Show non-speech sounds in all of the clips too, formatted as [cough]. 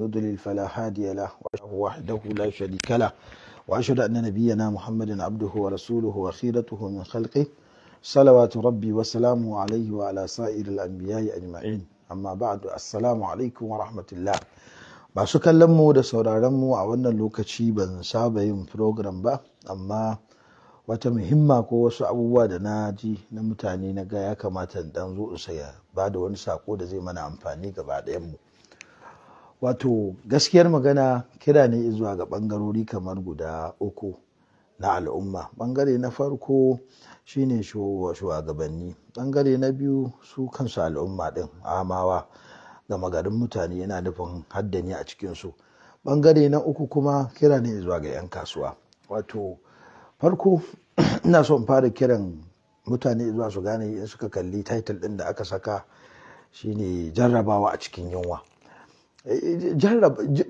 يضلل فلا هادي له وأشهد وحده لا شريك له وأشهد أن نبينا محمد عبده ورسوله وخيرته من خلقه صلوات ربي وسلامه عليه وعلى سائر الأنبياء أجمعين amma ba'du assalamu alaikum wa rahmatullah masu kallon mu da sauraron mu a wannan lokaci ban saba yin program ba amma wata muhimma ko wasu abubuwa da na ji na mutane na ga ya kamata dan zo in saya ba da wani sako da zai mana amfani gaba ɗayan mu wato gaskiyar magana kira ne zuwa ga ɓangarori kamar guda uku na al'umma bangare na farko shine shugabanni bangare na biyu su kansu al'umma ɗin amawa gama garin mutane yana nufin haddani a cikinsu bangare na uku kuma kira ne zuwa ga 'yan kasuwa wato farko [clears throat] ina son fara kiran mutane zuwa su gane in suka kalli title ɗin da aka saka shine jarrabawa a cikin yunwa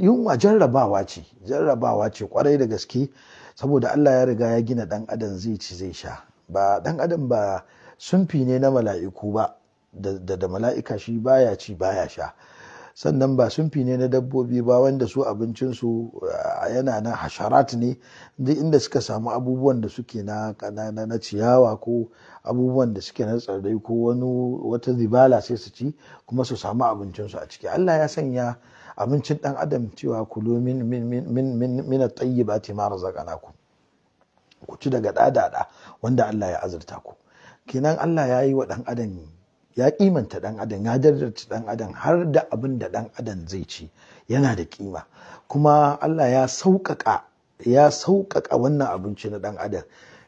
yunwa jarrabawa ce jarrabawa ce kwarai da gaske saboda Allah ya riga ya gina dan adam zai ci zai sha ba dan adam ba sunfi ne na mala'iku ba da, da, da mala'ika shi baya ci baya sha sannan ba sunfi ne na dabbobi ba wanda su abincinsu eh, yana na hasharat ne duk inda suka samu abubuwan da suke na na ciyawa ko abubuwan da suke na tsirrai ko wani wata zibala sai su ci kuma su samu abincinsu a ciki Allah ya sanya abincin dan adam cewa ku min min min min tayyibati ma razaqnakum ku ci daga dada wanda Allah ya azurta ku kenan Allah ya yi wa dan adam ya kimanta dan adam ya dardarta dan adam har da abin da dan adam zai ci yana da kima kuma Allah ya sauƙaƙa ya sauƙaƙa wannan abinci na dan adam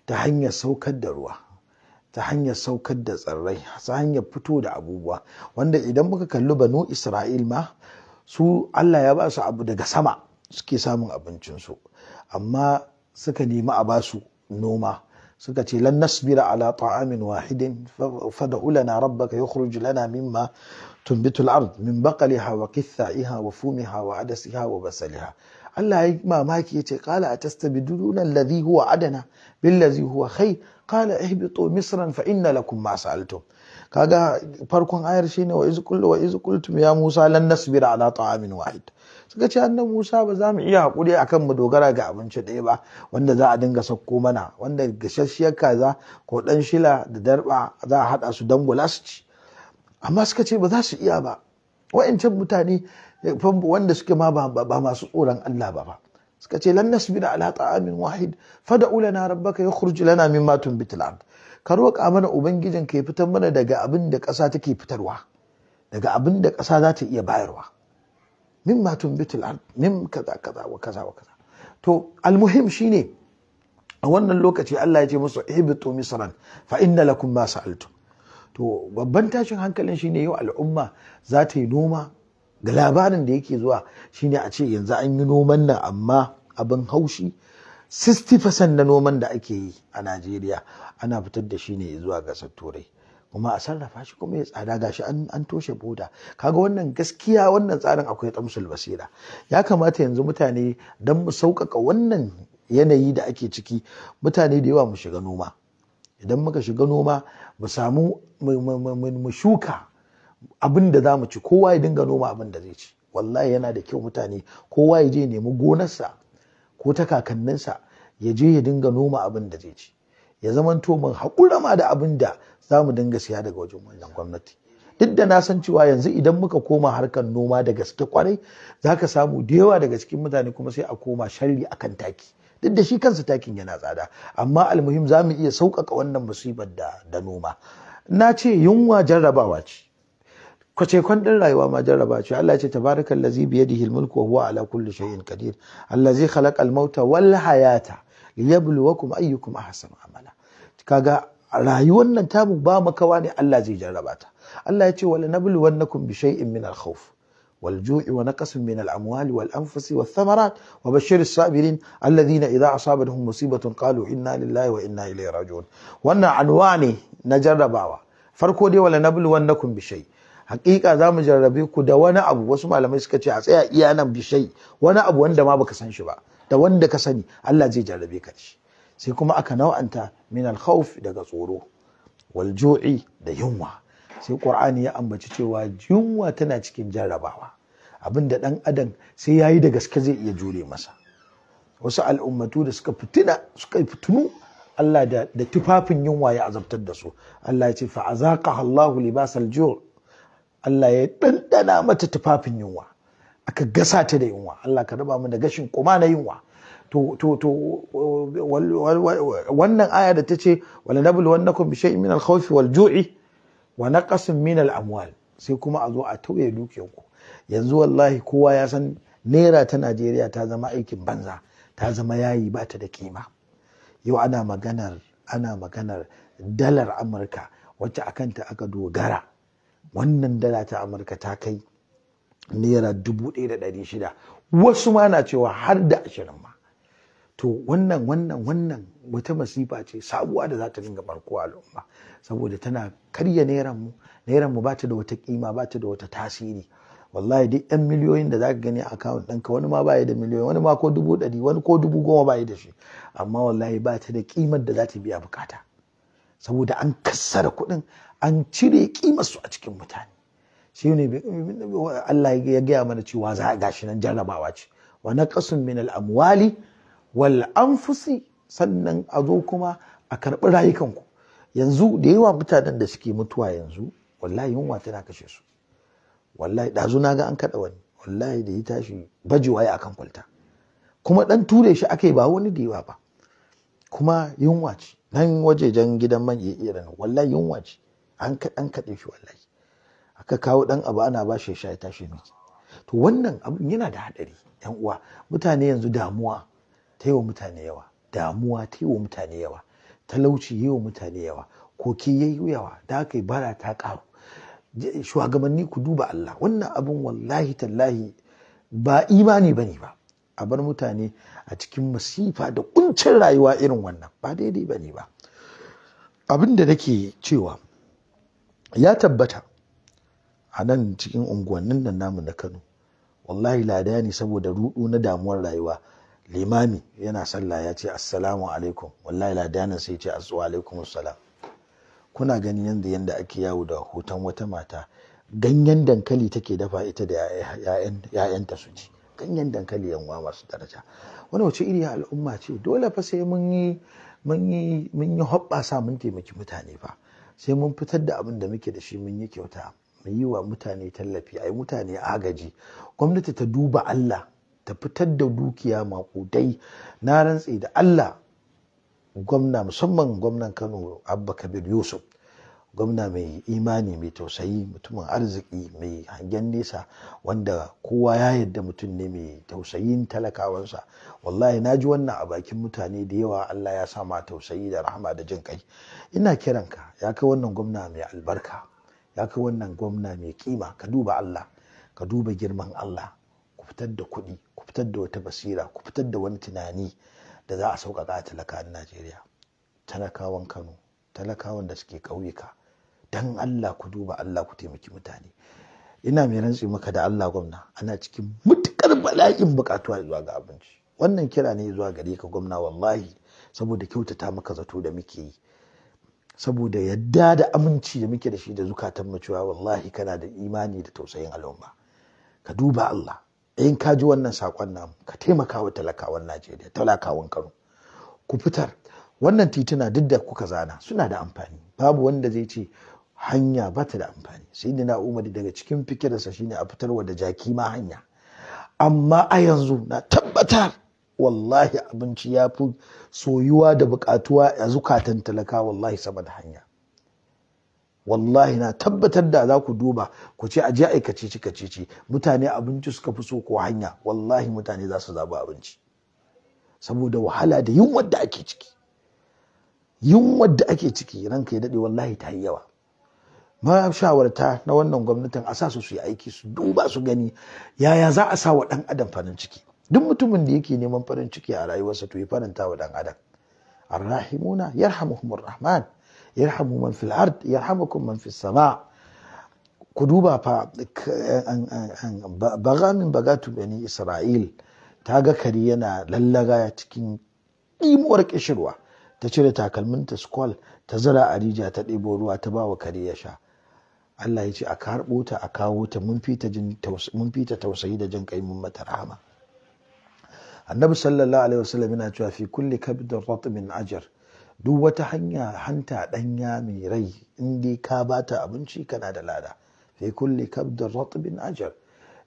ta hanyar saukar da ruwa ta hanyar saukar da tsirrai ta hanyar fito da abubuwa wanda idan muka kalli banu isra'il ma su Allah ya ba su abu daga sama suke samun abincinsu amma suka nemi a ba su noma suka ce lan nasbira ala ta'amin wahidin fad'u lana rabbaka yukhrij lana mimma tunbitul ard min baqliha wa qithaiha wa fumiha wa adasiha wa basaliha Allah ya mamaki yace qala atastabiduna alladhi huwa adana billazi huwa kala qala ihbitu misran fa inna lakum ma sa'altum kaga farkon ayar shine wa iz qultu wa iz qultum ya musa lan nasbira ala ta'amin wahid suka ce annan musa ba za mu iya haƙuri a kan dogara ga abinci ɗaya ba wanda za a dinga sauko mana wanda gasasshiyar kaza ko ɗan shila da darɓa za a haɗa su dangula su ci amma suka ce ba za su iya ba wa'ancan mutane wanda suke ma ba masu tsoron Allah ba ba suka ce lan nasbira ala ta'amin wahid fad'u lana rabbaka yakhruj lana mimma tunbitul ard ka roƙa mana ubangijin ka ya fitar mana daga abin da ƙasa take fitarwa daga abin da ƙasa za ta iya bayarwa mimma tumbitul ard min kaza kaza wa kaza wa kaza to almuhim shine a wannan lokaci Allah ya ce musu ihbitu misran fa inna lakum ma sa'altum to babban tashin hankalin shine yau al'umma za ta yi noma ga labarin da yake zuwa shine a ce yanzu an yi noman nan amma abin haushi 60% na noman da ake yi a Najeriya ana fitar da shi ne zuwa gasar turai kuma a sarrafa shi kuma ya tsada gashi an toshe boda kaga wannan gaskiya wannan tsarin akwai tamsul basira ya kamata yanzu mutane don mu sauƙaƙa wannan yanayi da ake ciki mutane da yawa mu shiga noma idan muka shiga noma mu samu mu shuka abin da za mu ci kowa ya dinga noma abin da zai ci wallahi yana da kyau mutane kowa ya je nemi gonarsa ko ta kakanninsa ya je ya dinga noma abin da zai ci ya zamanto mun hakura ma da abin da za mu dinga siya daga wajen wannan gwamnati duk da na san cewa yanzu idan muka koma harkar noma da gaske kwarai zaka samu da yawa daga cikin mutane kuma sai a koma sharri akan taki duk da shi kansa takin yana tsada amma almuhim za mu iya sauƙaƙa wannan musibar da da noma na ce yunwa jarrabawa ce kwan din rayuwa ma jarraba ce Allah ce tabarakal lazi yadihi almulku wa huwa ala kulli shay'in qadir allazi khalaqa almauta wal hayata liyabluwakum ayyukum ahsanu amala kaga rayuwar nan tamu ba makawa ne Allah zai jarraba ta Allah ya ce wala nablu wannakum bi shay'in min al khawf wal ju'i wa naqsin min al amwali wal anfusi wa thamarat wa bashshiris sabirin alladhina idha asabatuhum musibatun qalu inna lillahi wa inna ilayhi raji'un wannan anwa ne na jarrabawa farko dai wala nablu wannakum bi shay' hakika za mu jarrabe ku da wani abu wasu malamai suka ce a tsaya iya nan bishai wani abu wanda ma baka san shi ba da wanda ka sani Allah zai jarrabe ka shi sai kuma aka nau'anta min alkhawf daga tsoro wal ju'i da yunwa sai qur'ani ya ambaci cewa yunwa tana cikin jarrabawa abinda dan adam sai yayi da gaske zai iya jure masa wasu al'ummatu da suka fitina suka fitinu Allah da, da tufafin yunwa ya azabtar da su Allah ya ce fa azaqaha Allahu libasal ju' Allah ya dandana mata tufafin yunwa aka gasa ta da yunwa Allah ka raba mu da gashin kuma na yunwa to to to wannan aya da ta ce wala nablu wannakum bi shay'in min al wal ju'i wa naqasin min al-amwal sai kuma a zo a tauye dukiyanku yanzu wallahi kowa ya san naira ta Najeriya ta zama aikin banza ta zama yayi ba ta da kima yau ana maganar ana maganar dalar Amurka wacce ta aka dogara wannan dala ta Amurka ta kai naira dubu ɗaya da ɗari shida wasu ma na cewa har da ashirin ma to wannan wannan wannan wata masifa ce sabuwa da za ta dinga a al'umma saboda tana karya neran mu neran mu ba ta da wata kima ba ta da wata tasiri wallahi duk yan miliyoyin da zaka gani a account ɗinka wani ma ba ya da miliyoyi wani ma ko dubu ɗari wani ko dubu goma ba ya da shi amma wallahi ba ta da kimar da za ta biya bukata saboda an kassara kuɗin an cire kimar su a cikin mutane shi ne Allah ya gaya mana cewa za a gashi nan jarrabawa ce wa naqasun min al amwali wal anfusi sannan a zo kuma a karɓi rayukanku yanzu da yawa mutanen da suke mutuwa yanzu wallahi yunwa tana kashe su wallahi ɗazu na ga an kaɗa wani wallahi da ya tashi bajewa ya akan kwalta kuma ɗan ture shi aka yi ba wani da yawa ba kuma yunwa ce nan wajejen gidan man iya nan wallahi yunwa ce an kaɗe shi wallahi aka kawo ɗan abu ana ba shi ya tashi miki to wannan abin yana da haɗari yan uwa mutane yanzu damuwa ta yi wa mutane yawa damuwa ta yi wa mutane yawa talauci yi wa mutane yawa koki ya yi yawa da yi bara ta karu shugabanni ku duba Allah wannan abin wallahi tallahi ba imani ba ne ba a bar mutane a cikin masifa da kuncin rayuwa irin wannan ba daidai ba ne ba abin da nake cewa ya tabbata a nan cikin unguwannin nan namu na kano wallahi lada ne saboda rudu na damuwar rayuwa limami yana sallah ya ce assalamu alaikum wallahi ladanin sai ce assalamu alaikum assalam kuna ganin yadda yadda ake yawo da hoton wata mata ganyen dankali take dafa ita da ‘ya'yanta su ci ganyen dankali yanwa masu daraja wani wace iri al'umma ce dole fa sai mun yi mun yi hoɓɓasa mun taimaki mutane fa sai mun fitar da abin da muke da shi mun yi kyauta mu yi wa mutane tallafi a mutane agaji gwamnati ta duba Allah ta fitar da dukiya maƙudai na rantse da Allah gwamna musamman gwamnan Kano Abba Kabir Yusuf gwamna mai imani mai tausayi mutumin arziki mai hangen nesa wanda kowa ya yarda mutum ne mai tausayin talakawansa wallahi na ji wannan a bakin mutane da yawa allah ya sama tausayi da rahama da jin kai ina kiranka ya kai wannan gwamna mai albarka ya kai wannan gwamna mai kima ka duba allah ka duba girman allah fitar da kuɗi ku fitar da wata basira ku fitar da wani tunani da za a sauƙaƙa a talakawan najeriya talakawan kano talakawan da suke ƙauyuka dan allah ku duba allah ku taimaki mutane ina mai rantsi maka da allah gwamna ana cikin matuƙar bala'in buƙatuwa zuwa ga abinci wannan kira ne zuwa gare ka gwamna wallahi saboda kyautata maka zato da muke yi saboda yadda da aminci da muke da shi da zukatan mu cewa wallahi kana da imani da tausayin al'umma ka duba Allah in ka ji wannan sakon namu ka taimaka wa talakawan najeriya talakawan kano ku fitar wannan tituna duk da kuka zana suna da amfani babu wanda zai ce hanya ba ta da amfani sai da na umar daga cikin fikirarsa shine a fitar wa da jaki ma hanya amma a yanzu na tabbatar wallahi abinci ya fi soyuwa da bukatuwa a zukatan talaka wallahi sama da hanya wallahi na tabbatar da za ku duba ku ce a ji aikace ci kacici mutane abinci suka fi so ko hanya wallahi mutane za su zaba abinci saboda wahala da yunwar da ake ciki yunwar da ake ciki ranka ya daɗe wallahi ta yi yawa mashawarta na wannan gwamnatin a sa su su yi aiki su duba su gani yaya za a sa wa ɗan adam farin ciki duk mutumin da yake neman farin ciki a rayuwarsa to ya faranta wa ɗan adam arrahimuna yarhamuhumur rahman yarhamu man fil ard yarhamukum man fis sama ku duba fa bagamin bagatu bani isra'il ta ga kari yana lallaga cikin ɗimuwar kishirwa ta cire takalminta squall ta zira a rija ta ɗebo ruwa ta ba wa kare ya sha Allah ya ce a karɓo ta a kawo ta mun fita tausayi da jin kai mun mata rahama annabi sallallahu alaihi wasallam yana cewa fi kulli kabdin ratbin ajr duk wata hanya hanta ɗanya mai rai in dai ka bata abinci kana da lada fi kulli kabdar ratbin ajar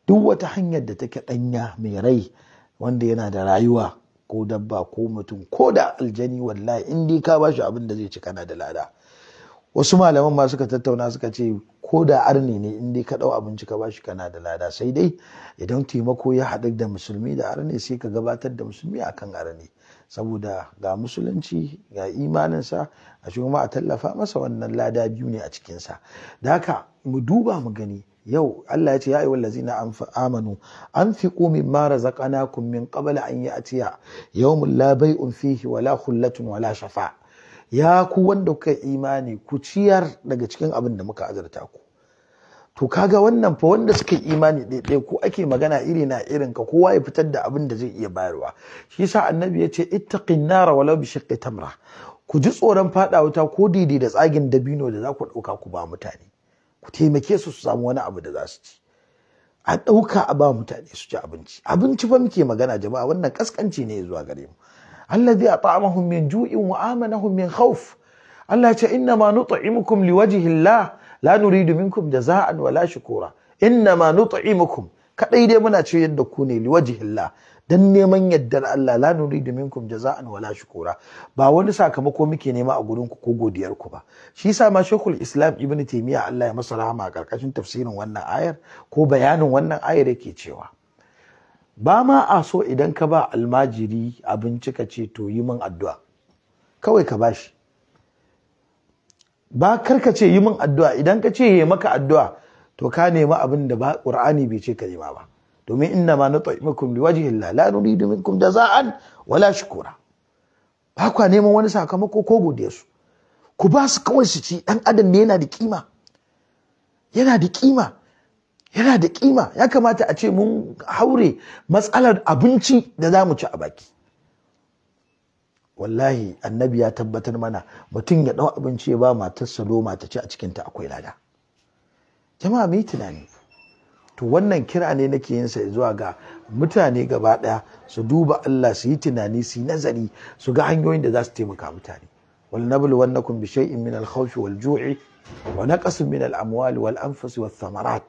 duk wata hanyar da take ɗanya mai rai wanda yana da rayuwa ko dabba ko mutum ko da aljani wallahi in dai ka bashi abin da zai ci kana da lada wasu malaman ma suka tattauna suka ce ko da arni ne in dai ka ɗau abinci ka ba shi kana da lada sai dai idan taimako ya haɗu da musulmi da arni sai ka gabatar da musulmi akan arni saboda ga musulunci ga imaninsa a shi kuma a tallafa masa wannan lada biyu ne a cikinsa da haka mu duba mu gani yau Allah ya ce ya ayyuhal an amanu anfiqu mimma razaqnakum min qabla an yi Yau yawmun la bay'un fihi wala khullatun wala shafa ya ku wanda kuka imani ku ciyar daga cikin abin da muka azurta ku to kaga wannan fa wanda suka imani ɗaiɗai ko ake magana iri na irin ka kowa ya fitar da abin da zai iya bayarwa shi yasa annabi ya ce ittaqin nara walau bi shaqqi tamra ku ji tsoron fada wuta ko daidai da tsagin dabino da za ku ɗauka ku ba mutane ku taimake su su samu wani abu da za su ci a ɗauka a ba mutane su ci abinci abinci fa muke magana jama'a wannan kaskanci ne zuwa gare mu Allah zai at'amahum min ju'in wa amanahum min khawf Allah ya ce inna ma nut'imukum liwajhi Allah la nuridu minkum jaza'an wala shukura inna ma nut'imukum kadai dai muna ce yadda ku ne liwajihillah dan neman yaddar Allah la nuridu minkum jaza'an wala shukura ba wani sakamako muke nema a gurin ku ko godiyar ku ba shi sa ma shekhul Islam Ibn Taymiyyah Allah ya masa rahama a karkashin tafsirin wannan ayar ko bayanin wannan ayar yake cewa ba ma a so idan ka ba almajiri abinci ka ce to yi min addu'a kawai ka bashi ba kar ce yi min addu'a idan ka ce ya yi maka addu'a to ka nemi abin da ba qur'ani bai ce ka nema ba domin inna ma nut'imukum liwajhillah la nuridu minkum jaza'an wala shukura ba kwa neman wani sakamako ko godiya su ku ba su kawai su ci dan adam ne yana da kima yana da kima yana da kima ya kamata a ce mun haure matsalar abinci da za mu ci a baki wallahi annabi ya tabbatar mana mutum ya ɗau abinci ya ba matarsa loma ta ci a cikin ta akwai lada jama'a mu tunani to wannan kira ne nake yin sa zuwa ga mutane gaba ɗaya su duba Allah su yi tunani su yi nazari su ga hanyoyin da za su taimaka mutane wal nablu wannakum bi shay'in min al khawfi wal ju'i wa naqas min al amwali wal anfus wath thamarat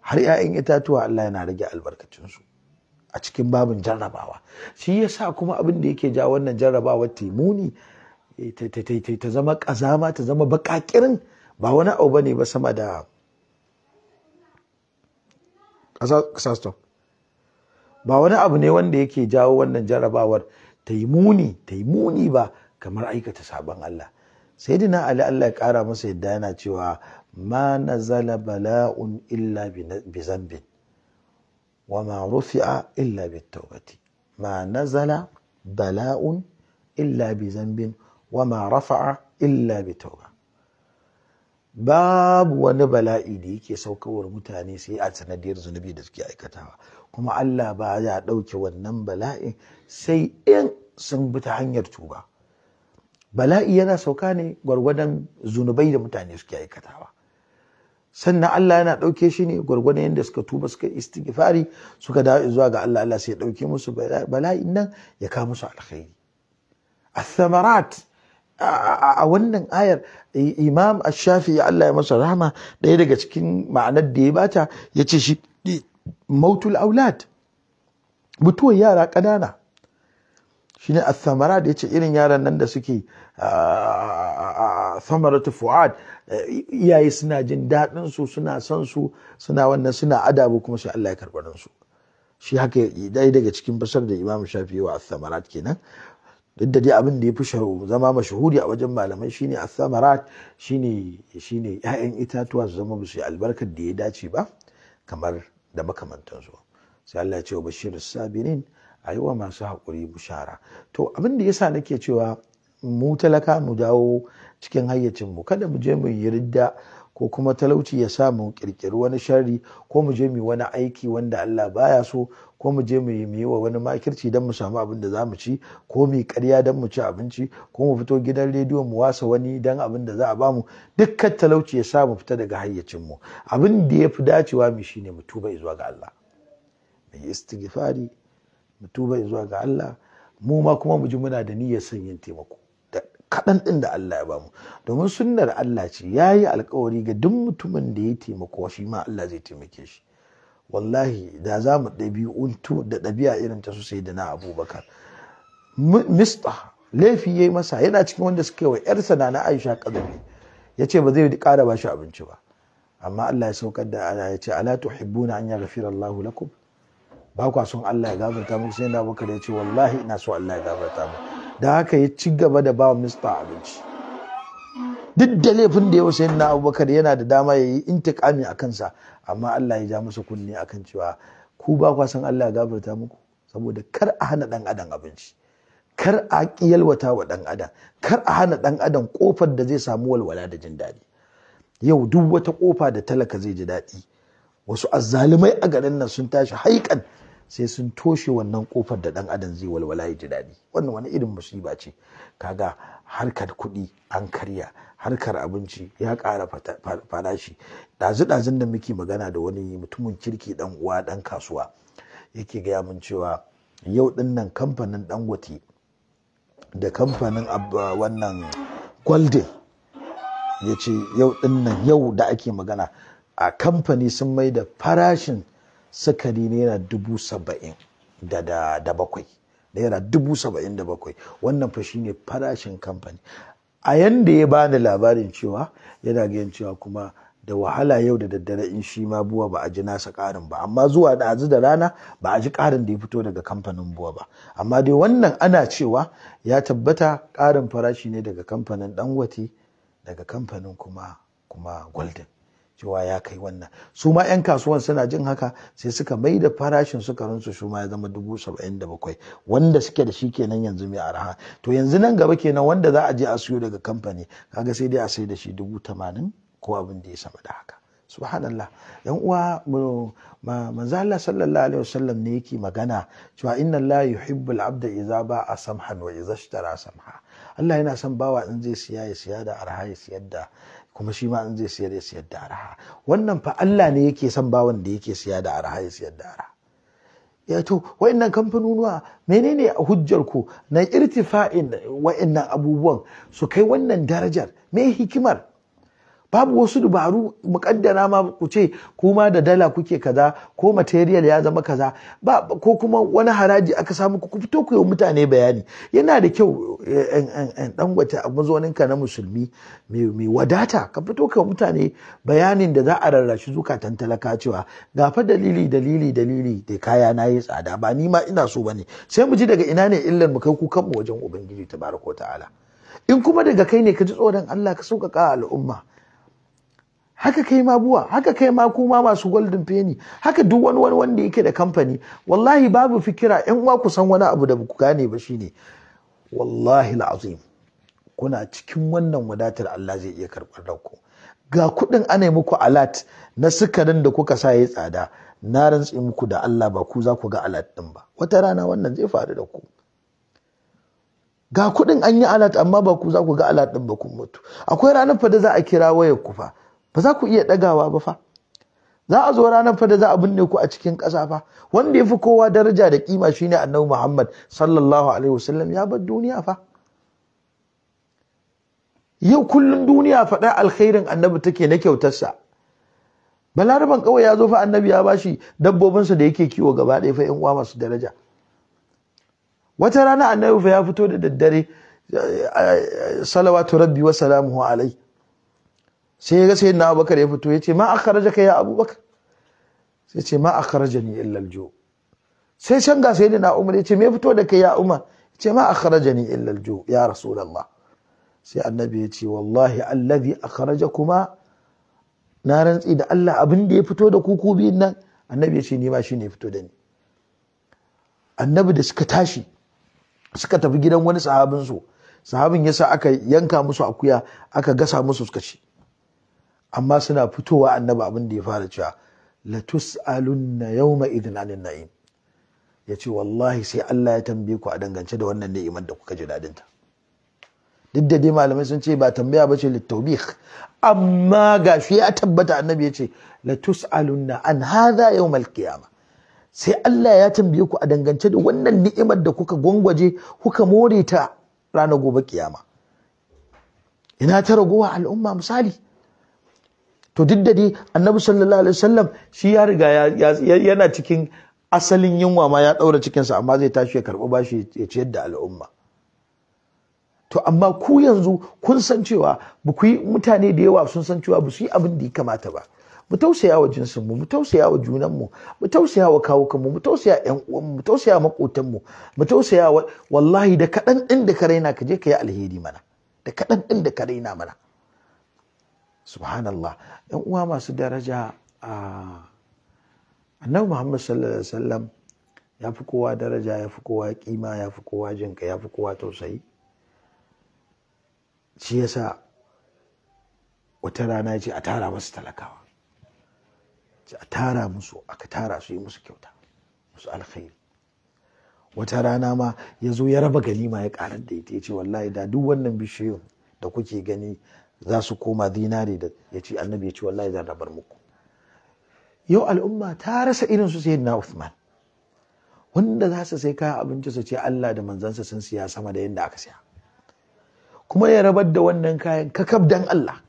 har 'ya'yan itatuwa Allah yana rage albarkacinsu a cikin babin jarrabawa shi ya sa kuma abin da yake ja wannan jarrabawa eh, ta muni ta zama kazama ta zama bakakirin ba wani abu ba ne ba sama da ba wani abu ne wanda yake jawo wannan jarrabawar ta yi muni ta yi muni ba kamar aikata sabon Allah sai dina Ali Allah ya kara masa yadda yana cewa ma nazala bala'un illa bi zambin وما رفع إلا بالتوبة ما نزل بلاء إلا بذنب وما رفع إلا بتوبة babu wani bala'i da yake saukawar mutane sai a sanadiyar zunubi da suke aikatawa kuma Allah ba ya ɗauke wannan bala'in sai in sun bi ta hanyar tuba bala'i yana sauka ne gwargwadon zunubai da mutane suke aikatawa sannan Allah yana ɗauke shi ne gwargwane yadda suka tuba suka istighfari suka dawo zuwa ga Allah Allah sai ya ɗauke musu bala'in nan ya kawo musu alkhairi athamarat a wannan ayar imam ash-shafi'i Allah ya masa rahma ɗaya daga cikin ma'anar da ya bata yace shi mautul aulad mutuwar yara ƙanana shine as da yace irin yaran nan da suke samaratu fuad eh, iyaye suna jin daɗin su suna son su suna wannan suna adabu kuma sai Allah ya karɓi su shi haka dai daga cikin basar da Imam Shafi'i wa as kenan duk da dai abin da ya fi zama mashahuri a wajen malamai shine as shine shine ƴaƴan itatuwa su zama musu albarkar da ya dace ba kamar da makamantansu sai Allah ya ce wa bashirus sabirin a yi wa masu haƙuri bushara to abin da yasa nake cewa mu talaka mu dawo cikin hayyacin mu kada mu je mu yi ridda ko kuma talauci ya sa mu ƙirƙiri wani sharri ko mu je mu yi wani aiki wanda Allah baya so ko mu je mu yi wa wani makirci don mu samu abin da za mu ci ko mu yi ƙarya don mu ci abinci ko mu fito gidan rediyo mu wasa wani don abin da za a bamu dukkan talauci ya sa mu fita daga hayyacinmu abin da ya fi dacewa mu shine mu tuba zuwa ga Allah mu yi istighfari mu tuba zuwa ga Allah mu ma kuma mu ji muna da niyyar son yin taimako da kaɗan ɗin da Allah ya bamu domin sunnar Allah ce ya yi alkawari ga duk mutumin da ya taimako shi ma Allah zai taimake shi wallahi da za mu ɗabi'untu da ɗabi'a irin ta sosai da na abubakar mista laifi ya yi masa yana cikin wanda suka yi wa ‘yarsa na na aisha ƙazafi ya ce ba zai ƙara ba shi abinci ba amma Allah ya saukar da ya ce ala tuhibbuna an ya gafira Allahu lakum ba kwa son Allah ya gafarta muku sai na bakar ya ce wallahi ina so Allah ya gafarta mu da haka ya ci gaba da ba mista abinci duk da laifin da ya wasu na abubakar yana da dama ya yi intikami a kansa amma Allah ya ja masa kunne kan cewa ku ba kwa son Allah ya gafarta muku saboda kar a hana dan adam abinci kar a kiyalwata wa dan adam kar a hana dan adam kofar da zai samu walwala da jin daɗi yau duk wata kofa da talaka zai ji daɗi wasu azzalumai a garin nan sun tashi haikan sai sun toshe wannan kofar da dan adam zai walwala ya ji daɗi wannan wani irin musiba ce kaga harkar kuɗi an karya harkar abinci ya ƙara farashi ɗazu-ɗazun da muke magana da wani mutumin kirki ɗan uwa ɗan kasuwa yake gaya min cewa yau ɗin nan kamfanin dangote da kamfanin ah, wannan golden ya ce yau ɗin nan yau da ake magana a kamfani sun mai da farashin sukari ne yana dubu saba'in da bakwai Yana dubu saba'in da bakwai wannan fa shine farashin kamfani a yanda ya bani labarin cewa yana ganin cewa kuma da wahala yau da daddare in shi ma buwa ba a ji nasa ƙarin ba amma zuwa da azu da rana ba a ji ƙarin da ya fito daga kamfanin buwa ba amma dai wannan ana cewa ya tabbata ƙarin farashi ne daga kamfanin dangote daga kamfanin kuma kuma golden cewa ya kai wannan su ma 'yan kasuwan suna jin haka sai suka mai da farashin sukarin su su ya zama dubu saba'in da bakwai wanda suke da shi kenan yanzu mai arha to yanzu nan gaba kenan wanda za a je a siyo daga kamfani kaga sai dai a sai da shi dubu tamanin ko abin da ya sama da haka subhanallah yan uwa manzo Allah sallallahu alaihi wasallam ne yake magana cewa inna Allah yuhibbul abda idza ba'a samhan wa idza ishtara samha Allah yana son bawa in zai siya ya siya da arha ya siyar da kuma shi ma in zai siyar ya sayar da araha wannan fa Allah ne yake son ba wanda yake siya da araha ya siyar da araha ya to wa'annan kamfanonuwa menene hujjar ku na irtifa'in wa'annan abubuwan su kai wannan darajar me hikimar babu wasu dubaru mukaddara ma ku ce kuma da dala kuke kaza ko material ya zama kaza ba ko kuma wani haraji aka samu ku fito ku yi mutane bayani yana da kyau eh, eh, eh, dan gwata a mazoninka na musulmi mai wadata ka fito ka mutane bayanin da za a rarrashi zukatan talaka cewa ga fa dalili dalili dalili da kaya na yi tsada ba ni ma ina so bane sai mu ji daga ina ne illar mu kai kukanmu mu wajen ubangiji tabaraka ta'ala in kuma daga kai ne ka ji tsoron Allah ka sauƙaƙa al'umma haka kai ma buwa haka kai ma kuma masu golden peni haka duk wani wani wanda yake da kamfani wallahi babu fikira yan uwa ku san wani abu da ku gane ba shine wallahi alazim kuna cikin wannan wadatar Allah zai iya karɓar da ga kuɗin ana muku alat na sukarin da kuka sa ya tsada na rantsi muku da Allah ba ku za ku ga alat ɗin ba wata rana wannan zai faru da ku ga kuɗin an yi alat amma ba ku za ku ga alat ɗin ba kun mutu akwai ranar fa da za a kira wayar ku fa ba za ku iya ɗagawa ba fa za a zo ranar fa da za a binne ku a cikin ƙasa fa wanda ya fi kowa daraja da kima shine annabi Muhammad sallallahu alaihi wasallam ya bar duniya fa yau kullun duniya faɗa alkhairin annabi take na kyautarsa balaraban kawai ya zo fa annabi ya bashi dabbobinsa da yake kiwo gaba ɗaya fa yan uwa masu daraja wata rana annabi fa ya fito da daddare eh, eh, salawatu rabbi wa salamuhu alaihi sai ya ga sai na abubakar ya fito ya ce ma akharaja ka ya abubakar sai ce ma akharaja ni illa aljo sai can ga sai na umar ya ce me fito da kai ya umar ya ce ma akharaja ni illa aljo ya rasulullah sai annabi ya ce wallahi allazi akharaja kuma na rantsi da Allah abin da ya fito da kuku biyun nan annabi ya ce ni ma ne ya fito da ni annabi da suka tashi suka tafi gidan wani sahabinsu sahabin yasa aka yanka musu akuya aka gasa musu suka ci amma suna fitowa annabi abin da ya fara cewa la tus'alunna yawma idhin anin na'im yace wallahi sai Allah ya tambaye ku a dangance da wannan ni'imar da kuka ji dadin ta duk da dai malamai sun ce ba tambaya bace litawbih amma gashi ya tabbata annabi yace la tus'alunna an hadha yawm al-qiyamah sai Allah ya tambaye ku a dangance da wannan ni'imar da kuka gwangwaje kuka more ta ranar gobe kiyama ina ta ragowa al'umma misali to duk da dai annabi sallallahu alaihi wasallam shi ya riga yana cikin asalin yunwa ma ya daura sa amma zai tashi ya karɓi bashi ya ciyar da al'umma to amma ku yanzu kun san cewa bu ku mutane da yawa sun san cewa ba su yi abin da ya kamata ba mu tausaya wa mu, mu tausaya wa junanmu mu tausaya wa kawukan mu tausaya yan uwanmu mu mu tausaya makotanmu mu mu tausaya wallahi da kaɗan ɗin da ka raina ka je ka yi alheri mana da kaɗan ɗin da ka raina mana subhanallah yan uwa masu daraja a annabi muhammad sallallahu alaihi wasallam ya fi kowa daraja ya fi kowa kima ya fi kowa jinka ya fi kowa tausayi shi yasa wata rana ce a tara masu talakawa ce a tara musu aka tara su yi musu kyauta musu alkhairi wata rana ma ya zo ya raba ganima ya karar da ita ya ce wallahi da duk wannan bishiyun da kuke gani za su koma zinare da ya ce annabi ya ce wallahi za rabar muku yau al'umma ta rasa irin su sayyidina Uthman wanda za su sai kaya abinci su ce Allah da manzansa sun siya sama da yadda aka siya kuma ya rabar da wannan kayan kakab dan Allah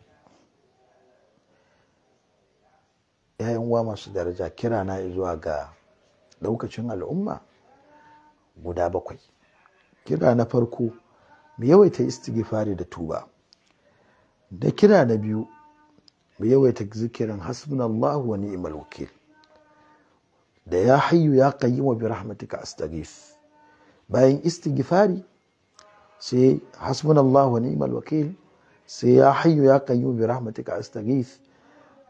‘ya'yan uwa masu daraja kira na zuwa ga daukacin al'umma guda bakwai kira na farko mu yawaita istighfari da tuba da kira na biyu mu yawaita zikirin hasbunallahu wa ni'mal wakil da ya hayyu ya qayyima bi rahmatika astaghif bayan istighfari sai hasbunallahu wa ni'mal wakil sai ya hayyu ya qayyima bi rahmatika astaghif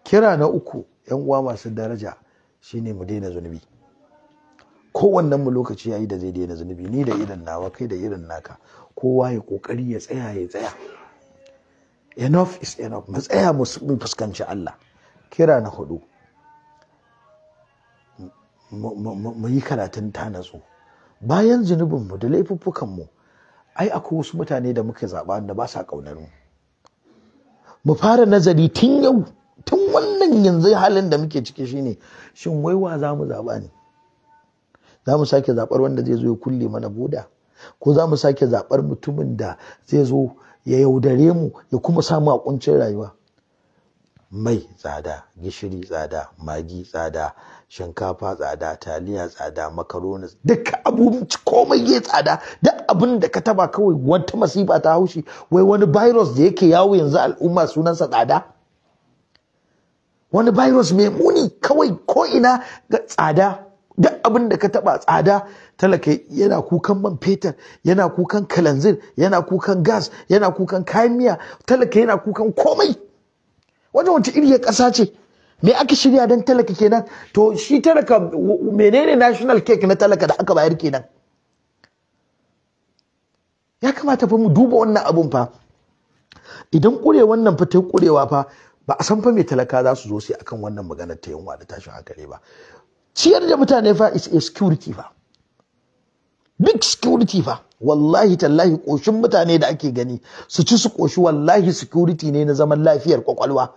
kira na uku yan uwa masu daraja shine mu daina zunubi kowannen mu lokaci yayi da zai daina zunubi ni da irin nawa kai da irin naka kowa ya kokari ya tsaya ya tsaya enough is enough mu tsaya mu fuskanci Allah kira na hudu mu yi karatun ta natsu bayan mu da laifuffukan mu ai akwai wasu mutane da muka zaba da ba sa ƙaunar mu mu fara nazari tun yau tun wannan yanzu halin da muke ciki shine shin wai wa za mu zaɓa ne za mu sake zabar wanda zai zo ya kulle mana buda ko za mu sake zaɓar mutumin da zai zo ya yaudare mu ya kuma samu a ƙuncin rayuwa mai tsada gishiri tsada magi tsada shinkafa tsada taliya tsada makaronis. Duk abubuwan komai ya tsada duk abin da ka taba kawai wata masifa ta haushi wai wani virus da yake yawo yanzu al'umma sunansa tsada wani virus mai muni kawai ko ina ga tsada duk abin da ka taba tsada talaka yana kukan man fetur yana kukan kalanzir yana kukan gas yana kukan kayan miya talaka yana kukan komai wajen wace iriyar ƙasa ce me aka shirya don talaka kenan to shi talaka menene national cake na talaka da aka bayar kenan ya kamata fa mu duba wannan abun fa idan kure wannan fa ta kurewa fa ba a san fa me talaka za su zo sai akan wannan maganar ta yunwa da tashin hankali ba ciyar da mutane fa is a security fa big security fa wallahi tallahi koshin mutane da ake gani su ci su koshi wallahi security ne na zaman lafiyar kwakwalwa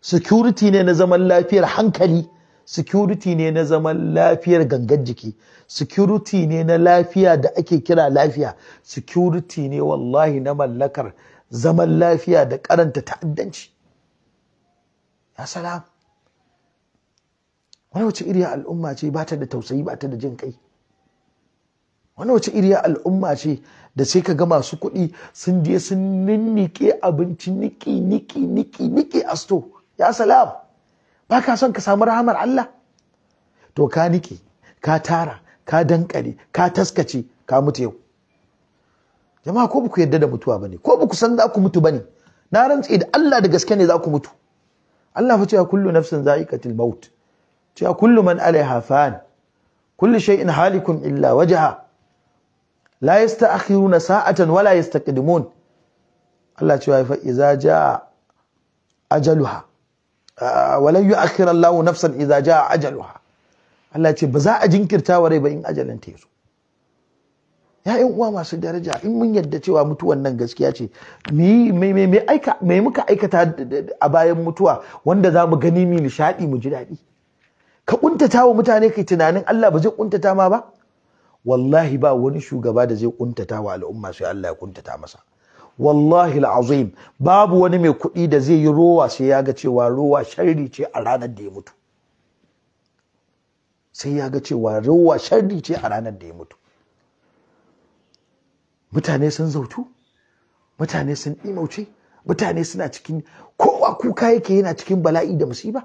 security ne na zaman lafiyar hankali security ne na zaman lafiyar gangan jiki security ne na lafiya da ake kira lafiya security ne wallahi na mallakar zaman lafiya da karanta ta'addanci ya salam wani wace iriya al'umma ce ba ta da tausayi ba ta da jin kai wani wace iriya al'umma ce da sai ka ga masu kuɗi sun je sun ninnike abinci niki niki niki niki a sto ya salam ba ka son ka samu rahamar Allah to ka niki ka tara ka dankare ka taskace ka mutu yau jama'a ko ku yarda da mutuwa bane ko baku san za ku mutu bane na rantse da Allah da gaske ne za ku mutu Allah fa ce kullu nafsin za'iqatil maut cewa kullu man alaiha fan kullu shai'in halikun illa wajha la yasta'khiruna sa'atan wala yastaqdimun Allah cewa fa iza jaa ajaluha ah, wala yu'akhkhiru Allahu nafsan iza jaa ajaluha Allah ce ba za a jinkirta wa rai ba in ajalin ta yaso ya uwa masu daraja in mun yadda cewa mutuwan nan gaskiya ce me muka aikata a bayan mutuwa wanda za mu gani mu nishaɗi mu ji daɗi ka kuntata wa mutane kai tunanin Allah ba zai kuntata ma ba wallahi ba wani shugaba da zai kuntata wa al'umma sai Allah ya kuntata masa wallahi al'azim babu wani mai kuɗi da zai yi rowa sai ya ga cewa rowa sharri ce a ranar da ya mutu sai ya ga cewa rowa sharri ce a ranar da ya mutu mutane sun zautu mutane sun ɗimauce mutane suna cikin kowa kuka yake yana cikin bala'i da musiba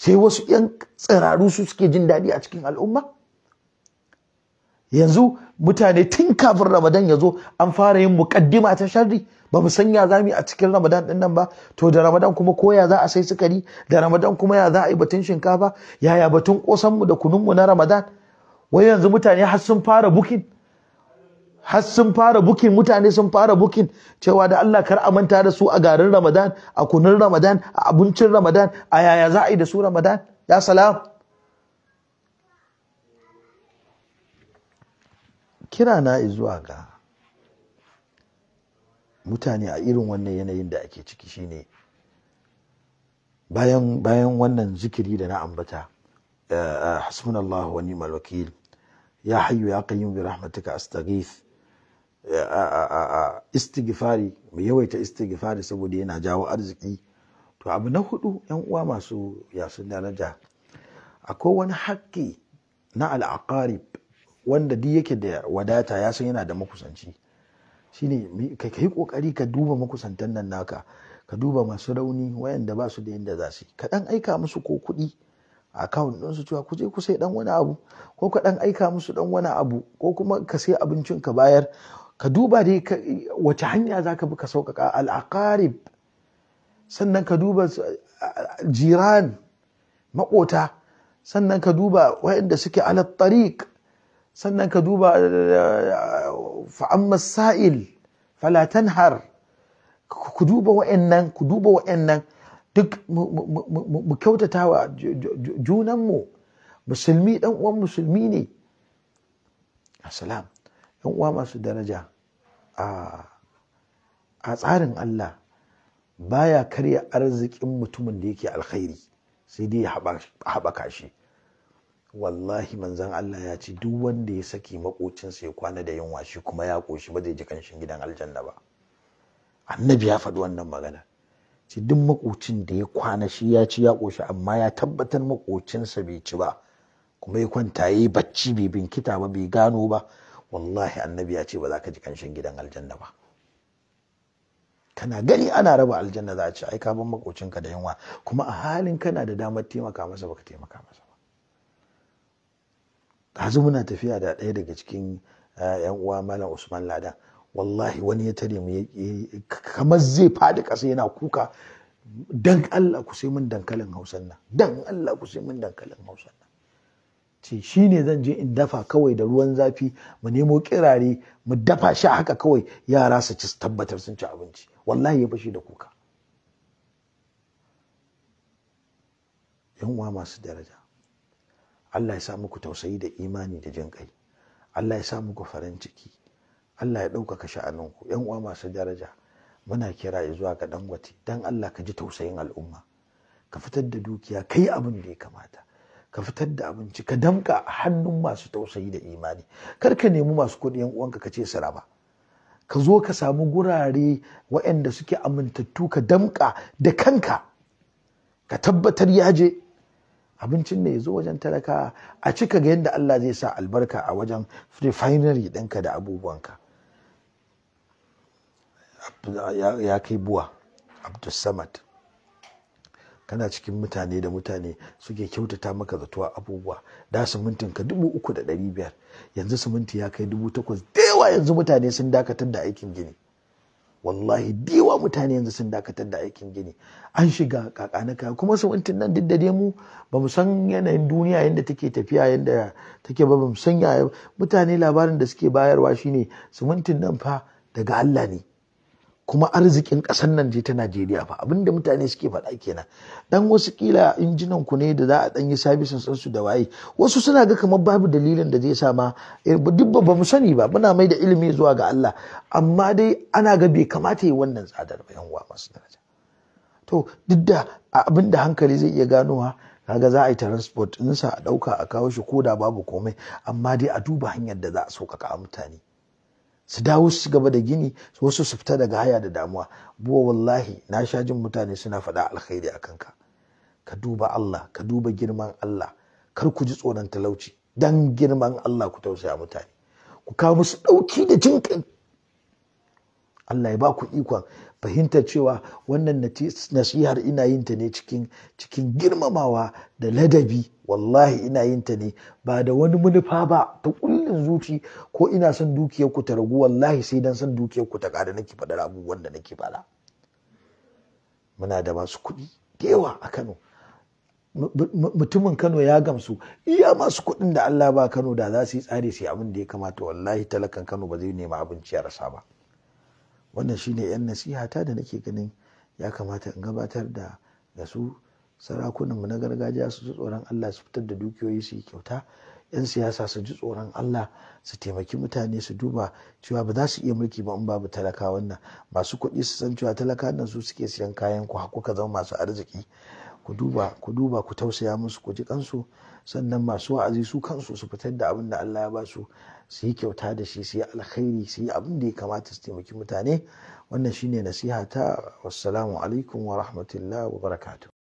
sai wasu 'yan tsiraru su suke jin daɗi a cikin al'umma yanzu mutane tun kafin ramadan ya zo an fara yin muƙaddima ta sharri ba mu san ya zami a cikin ramadan din nan ba to da ramadan kuma ko ya za a sai sukari da ramadan kuma ya za a yi batun shinkafa yaya batun kosanmu da kununmu na ramadan wai yanzu mutane har sun fara bukin har sun fara bukin mutane sun fara bukin cewa da Allah kar a manta da su a garin Ramadan a kunun Ramadan a abincin Ramadan a yaya za a yi da su Ramadan ya salam kira na zuwa ga mutane a irin wannan yanayin da ake ciki shine bayan bayan wannan zikiri da na ambata eh, eh, hasbunallahu wa ni'mal wakil ya hayyu ya qayyum bi rahmatika astaghith istighfari mu yawaita istighfari saboda yana jawo arziki to abu na hudu yan uwa masu yasun daraja akwai wani haƙƙi na al'aqarib wanda duk yake da wadata ya san yana da makusanci shine ka yi kokari ka duba makusantan nan naka ka duba masu rauni wayanda ba su da yanda za su ka dan aika musu ko kuɗi a kawun ɗinsu cewa ku je ku sai dan wani abu ko ka dan aika musu dan wani abu ko kuma ka sai abincin ka bayar ka duba dai wace hanya za ka bi ka sauƙaƙa al'aƙarib sannan ka duba jiran maƙota sannan ka duba waɗanda suke ala sannan ka duba fa'amma sa'il falatan har ku duba waɗannan ku duba waɗannan duk mu kyautata wa junanmu musulmi ɗan uwan musulmi ne assalam yan uwa masu daraja a tsarin Allah baya karya arzikin mutumin da yake alkhairi sai dai ya haɓaka shi wallahi manzan Allah ya ci duk wanda ya saki makocinsa ya kwana da yunwa shi kuma ya ƙoshi ba zai ji kanshin gidan aljanna ba annabi ya faɗi wannan magana ci duk makocin da ya kwana shi ya ci ya ƙoshi amma ya tabbatar makocinsa bai ci ba kuma ya kwanta ya yi bacci bai binkita ba bai gano ba wallahi annabi ya ce ba za ka ji kanshin gidan aljanna ba kana gani ana raba aljanna za a ce ai ka ban makocinka da yunwa kuma a halin kana da damar taimaka masa baka taimaka masa ba ɗazu muna tafiya da ɗaya daga cikin yan eh, uwa malam usman ladan wallahi wani ya tare mu kamar zai faɗi ƙasa yana kuka dan Allah ku sai min dankalin hausan nan dan Allah ku sai min dankalin hausan nan ce shi ne zan je in dafa kawai da ruwan zafi mu nemo kirare mu dafa shi haka kawai yara su ci tabbatar sun ci abinci wallahi ya bashi da kuka yan uwa masu daraja Allah ya sa muku tausayi da imani da jin kai Allah ya sa muku farin ciki Allah ya ɗaukaka sha'aninku yan uwa masu daraja muna kira zuwa ga dangote dan Allah ka ji tausayin al'umma ka fitar da dukiya kai abin da ya kamata ka fitar da abinci ka damka a hannun masu tausayi da imani kar ka nemi masu kuɗi yan uwanka ka ce sira ba ka zo ka samu gurare waɗanda suke amintattu ka damka da kanka ka tabbatar ya je abincin da ya zo wajen talaka a cika ga yadda Allah zai sa albarka a wajen refinery ɗinka da abubuwanka ya kai buwa abdulsamad kana cikin mutane da mutane suke kyautata maka zatuwa abubuwa da simintin ka dubu uku da ɗari biyar yanzu siminti ya kai dubu takwas da yanzu mutane sun dakatar da aikin gini wallahi dewa mutane yanzu sun dakatar da aikin gini an shiga kakanaka kuma simintin nan duk da dai mu ba mu san yanayin duniya yadda take tafiya yadda take ba mu san yaya mutane labarin da suke bayarwa shine simintin nan fa daga Allah ne kuma arzikin ƙasar nan je ta Najeriya fa abinda mutane suke faɗa kenan dan wasu kila injinan ku ne da za a dan yi sabisin su da waye wasu suna ga kamar babu dalilin da zai sa ma eh, duk ba mu sani ba muna mai da ilimi zuwa ga Allah amma dai ana ga bai kamata yi wannan tsadar ba yanwa masu daraja to duk da abinda hankali zai iya ganowa kaga za a yi transport sa a ɗauka a kawo shi ko da babu komai amma dai a duba hanyar da za a sauƙaƙa mutane su dawo su gaba da gini wasu su fita daga haya da damuwa buwa wallahi na sha jin mutane suna faɗa alkhairi a kanka ka duba Allah ka duba girman Allah kar ku ji tsoron talauci dan girman Allah ku tausaya mutane ku kawo musu ɗauki da jin Allah ya ba ku ikon fahimtar cewa wannan nasihar ina yin ta ne cikin girmamawa da ladabi wallahi ina yin ta ne ba da wani manufa ba ta kullum zuci ko ina son dukiyar ku ta ragu wallahi sai dan son dukiyar ku ta ƙara nake faɗar abubuwan da nake faɗa muna da masu kuɗi da yawa a Kano mutumin Kano ya gamsu iya masu kuɗin da Allah ba Kano da za su yi tsari sai abin da ya kamata wallahi talakan Kano ba zai nema abinci ya rasa ba wannan shine yan nasihata da nake ganin ya kamata in gabatar da ga su sarakunanmu na gargajiya su ji tsoron Allah su fitar da dukiyoyi su yi kyauta 'yan siyasa su ji tsoron Allah su taimaki mutane su duba cewa ba za su iya mulki ba in babu talaka wannan masu kuɗi su san cewa talaka nan su suke siyan kayan ku haku ka zama masu arziki ku duba ku duba ku tausaya musu ku ji kansu sannan masu wa'azi su kansu su fitar da abin da Allah ya ba su su yi kyauta da shi su yi alkhairi su yi abin da ya kamata su taimaki mutane wannan shine nasiha ta wassalamu alaikum wa rahmatullahi wa barakatuh